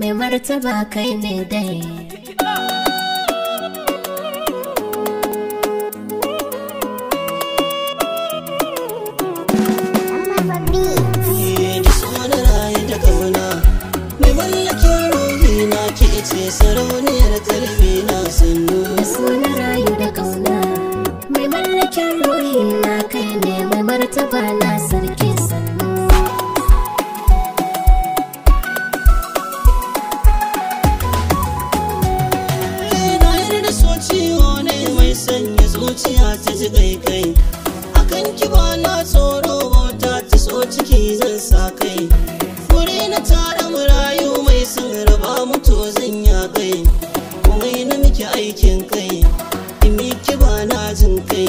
mai martaba kai ne dai ce sarauniyar karfi na sannu da suna rayu da ƙauna. mai mallakin ruhi na kai ne mai martaba na ba mutu zan ya kai kumai na miki aikin kai imi miki ba na jin kai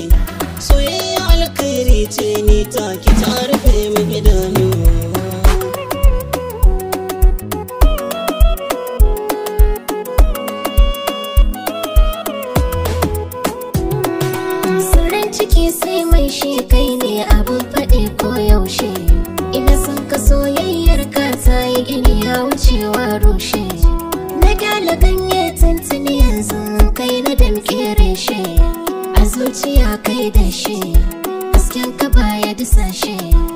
soyayya alkhairi ce ni ta ki ta rufe min idanu ciki sai mai shi kai ne abin faɗi ko yaushe ina son ka soyayyar ka ta yi gini ya wucewa rushe kere shi a zuciya kai da shi hasken ka baya shi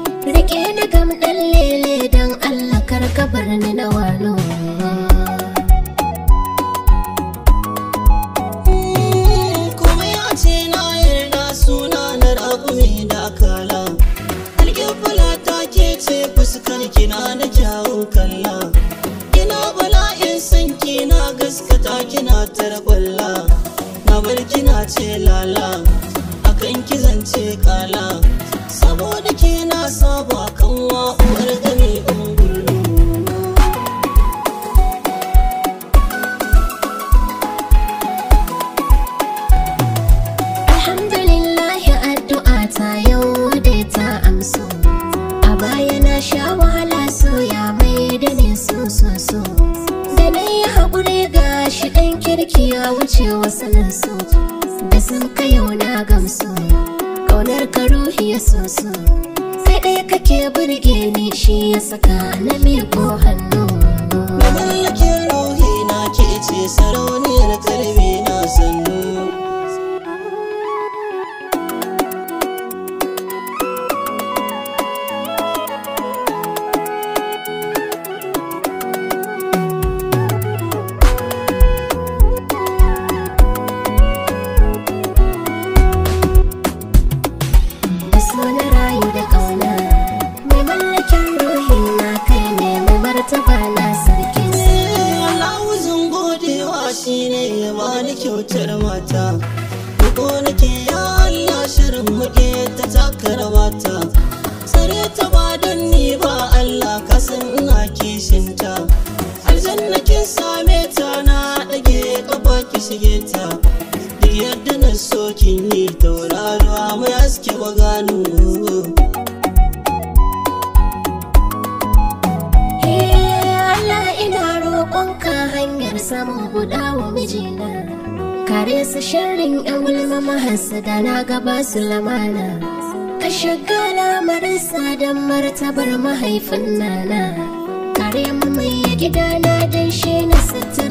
ce lala akan ki zance kala saboda ke saba kan wa'uwar gani in Alhamdulillah addu'a ta yau da ta a baya na sha wahala soya mai da ne so so da na yi haƙuri ga ɗan kirki ya wuce wasanin sun ka yau na gamsu kaunar ka ruhi ya soso sai ɗaya kake burge ni shi ya saka na ko hannu ke ruhi na ke ce sarauni shi ne ya bani kyautar mata Ko nake ya Allah shirin muke ta takar mata, Sare ta ba don ni ba Allah kasan ina kishin kishinta Aljanna kin same ta na ɗage ƙafa ki shige ta buɗa wa mijina kare su sharrin yan gulma da na gaba su lamana kashe shagala marasa don martabar mahaifin nana kare mu mai gidana don shi na